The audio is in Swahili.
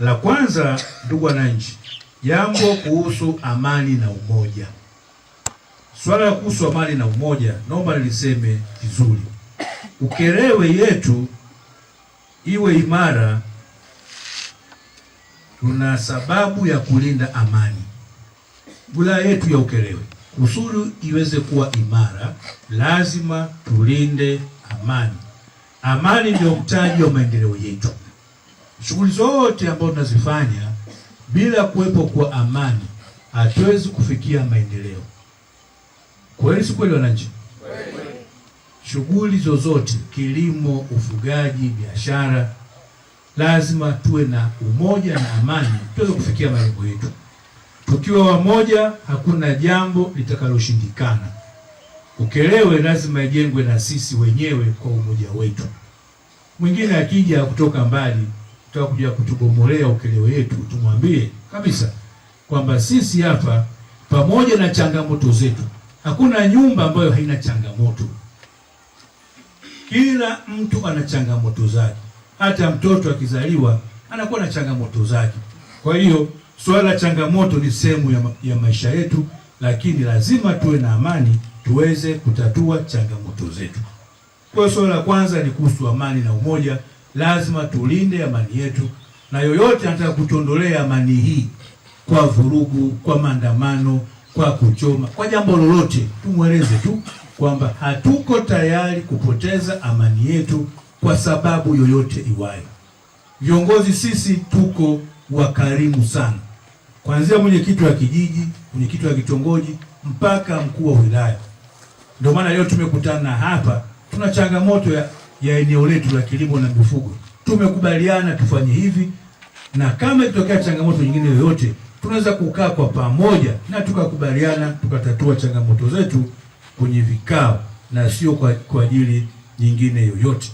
La kwanza, ndugu wananchi, jambo kuhusu amani na umoja. Swala la kuhusu amani na umoja, naomba niliseme vizuri. Ukerewe yetu iwe imara, tuna sababu ya kulinda amani. Wilaya yetu ya Ukerewe kusudi iweze kuwa imara, lazima tulinde amani. Amani ndio mtaji wa maendeleo yetu. Shughuli zote ambazo tunazifanya bila kuwepo kwa amani, hatuwezi kufikia maendeleo. Kweli si kweli, wananchi? Shughuli zozote, kilimo, ufugaji, biashara, lazima tuwe na umoja na amani, tuweze kufikia malengo yetu. Tukiwa wamoja, hakuna jambo litakaloshindikana. Ukelewe lazima ijengwe na sisi wenyewe kwa umoja wetu. Mwingine akija kutoka mbali kutaka kuja kutubomolea ukeleo yetu, tumwambie kabisa kwamba sisi hapa, pamoja na changamoto zetu, hakuna nyumba ambayo haina changamoto. Kila mtu ana changamoto zake, hata mtoto akizaliwa anakuwa na changamoto zake. Kwa hiyo suala la changamoto ni sehemu ya, ma ya maisha yetu, lakini lazima tuwe na amani tuweze kutatua changamoto zetu. Kwa hiyo suala la kwanza ni kuhusu amani na umoja lazima tulinde amani yetu, na yoyote anataka kutondolea amani hii kwa vurugu, kwa maandamano, kwa kuchoma, kwa jambo lolote, tumweleze tu kwamba hatuko tayari kupoteza amani yetu kwa sababu yoyote iwayo. Viongozi sisi tuko wakarimu sana, kuanzia mwenyekiti wa kijiji, mwenyekiti wa kitongoji mpaka mkuu wa wilaya. Ndio maana leo tumekutana hapa, tuna changamoto ya ya eneo letu la kilimo na mifugo. Tumekubaliana tufanye hivi, na kama ikitokea changamoto nyingine yoyote, tunaweza kukaa kwa pamoja na tukakubaliana tukatatua changamoto zetu kwenye vikao na sio kwa ajili nyingine yoyote.